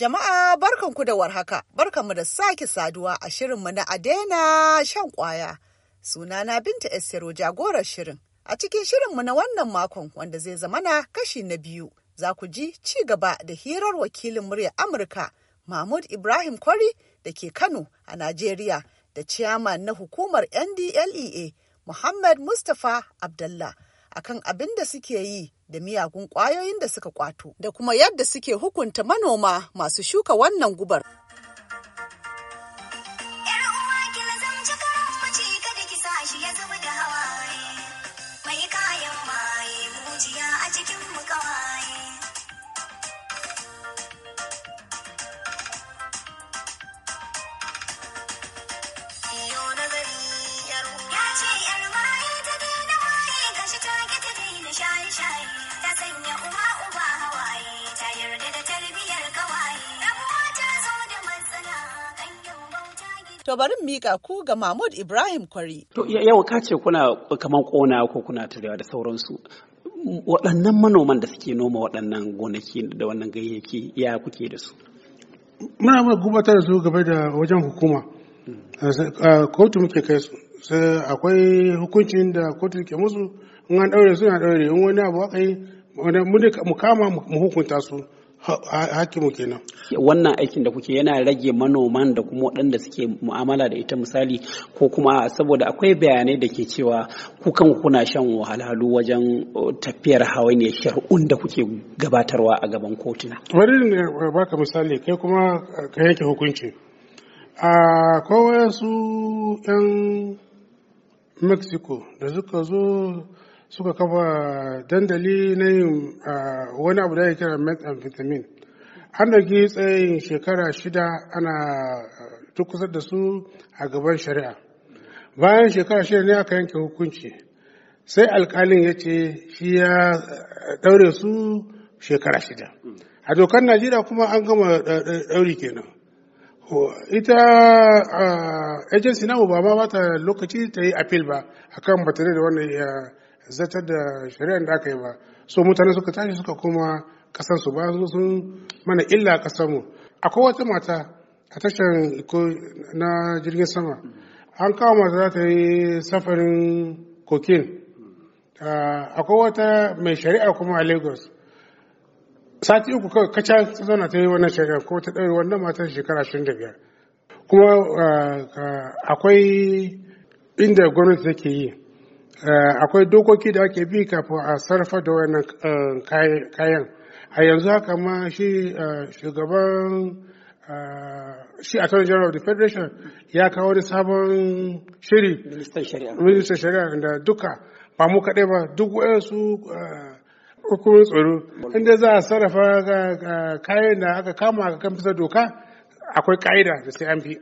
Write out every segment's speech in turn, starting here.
Jama'a barkan barkanku da warhaka, mu da sake saduwa a shirin shirinmu na Adena shan kwaya. Sunana Binta Esiro jagorar shirin. A cikin shirin mu na wannan makon wanda zai zama na kashi na biyu, za ku ji ci gaba da hirar wakilin murya Amurka Mahmud Ibrahim Kwari da ke Kano a Najeriya da ciyaman na hukumar NDLEA Muhammad Mustapha Abdullah. akan abin da suke yi da miyagun ƙwayoyin da suka kwato da kuma yadda suke hukunta manoma masu shuka wannan gubar. To bari mika ku ga Mahmud Ibrahim Kwari. To yau ka ce kuna kamar kona ko kuna turewa da sauransu. Waɗannan manoman da suke noma waɗannan gonaki da wannan gayyaki ya kuke da su? Muna ma gubatar da su gaba da wajen hukuma. Hmm. Kotu muke kai su. Sai akwai hukuncin da kotu ke musu in an ɗaure su na ɗaure in wani abu aka yi mu kama mu hukunta su. hakimu kenan wannan aikin da kuke yana rage manoman da kuma waɗanda suke mu'amala da ita misali ko kuma saboda akwai bayanai da ke cewa kukan kuna shan wahalhalu wajen uh, tafiyar hawainiyar shari'un da kuke gabatarwa a gaban kotuna bari ne uh, baka misali kai kuma uh, ka yanke hukunci a kowai su 'yan mexico da suka zo suka kafa dandali na yin wani abu da ya kira methamphetamine an dauki tsayin shekara shida ana tukusar da su a gaban shari'a bayan shekara shida ne aka yanke hukunci sai alkalin ya ce shi ya daure su shekara shida a dokar najeriya kuma an gama dauri kenan ita agency namu ba ma bata lokaci ta yi appeal ba akan batare da wannan zatar da shari'ar da aka yi ba so mutane suka tashi suka koma kasan su ba sun mana illa a mu akwai wata mata a tashar na jirgin sama an kawo mata za ta yi safarin kokin ah, akwai wata mai shari'a kuma a lagos sati uku kaca ta zauna ta yi wannan shari'a ko ta ɗaure wannan matar shekara 25 kuma ah, ah, akwai inda gwamnati take yi Eh, akwai dokoki da ake bi kafin a sarrafa da wannan eh, kayan a yanzu haka ma shi eh, shugaban shi attorney general of the federation ya kawo wani sabon shiri ministan shari'a da duka ba mu kaɗai ba duk wayansu hukumar tsaro inda za a sarrafa kayan da aka kama a kan fita doka akwai ka'ida da sai an fi.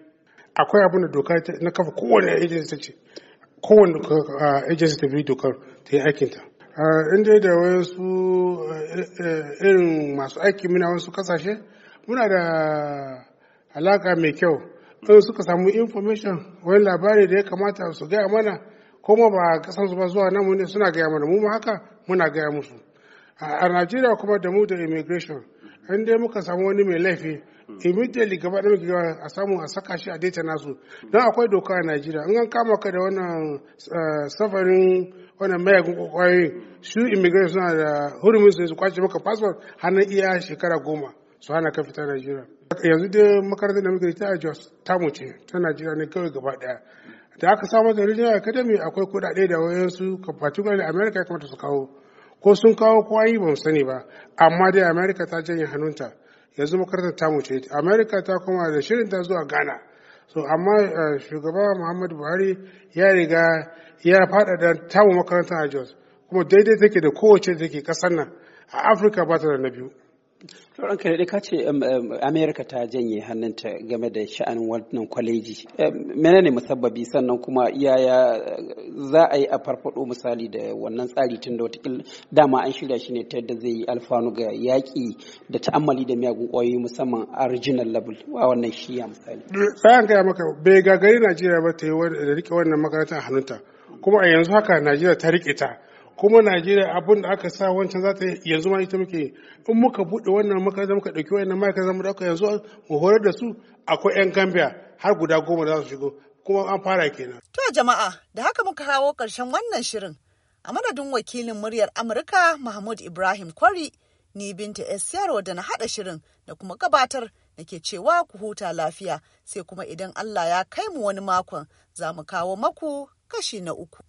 akwai abin da doka na kafa kowane agency ta ce kowane agency ta bi dokar ta yi aikinta in dai da wasu eh, eh, irin masu aiki muna wasu kasashe muna da alaka mai kyau in suka samu information wani labari da ya kamata su gaya mana kuma ba kasan su ba zuwa nan ne suna gaya mana mu haka muna gaya musu a najeriya kuma da mu da immigration in dai muka samu wani mai laifi Hmm. immediately gaba da ɗaya a samu a saka shi a daita nasu hmm. don akwai doka a najeriya in an kama ka da wannan eh, safarin wannan mayar kwayoyi su immigration suna da hurumin su kwace maka passport har na iya shekara goma su hana ka fita najeriya yanzu dai makarantar da muke ta jos ta ce ta najeriya ne kawai gaba daya da aka samar da regional academy akwai kuɗaɗe da wayansu particularly america ya kamata su kawo ko sun kawo kwayi ba mu sani ba amma dai america ta janye hannunta yanzu makarantar ta ce america ta koma da shirin ta zuwa ghana so amma eh, shugaba muhammadu buhari ya riga ya faɗaɗa tamu makarantar a jos kuma daidai take da kowace take kasar nan a afirka ba ta da na biyu ranka da ka ce amerika ta janye hannunta game da sha'anin wannan kwaleji ne musabbabi sannan kuma yaya eh, za a yi a farfado misali da wannan tsari tun da wata dama an shirya shi ne ta yadda zai yi alfanu ga yaƙi da ta'ammali da miyagun ƙwayoyi musamman original level a wannan shiya misali tsayan eh, gaya maka bai gagari najeriya ba ta yi da rike wannan makarantar hannunta kuma a yanzu haka najeriya ta rike ta kuma najeriya abin aka sa wancan za ta yanzu ma ita muke in muka buɗe wannan makaranta muka ɗauki wannan ma'aikata mu ɗauka yanzu mu horar da su akwai 'yan gambia har guda goma da za su shigo kuma an fara kenan. to jama'a da haka muka kawo ƙarshen wannan shirin a madadin wakilin muryar amurka mahmud ibrahim kwari ni binta esiyar da na haɗa shirin da kuma gabatar nake ke cewa ku huta lafiya sai kuma idan allah ya kai mu wani makon za mu kawo maku kashi na uku.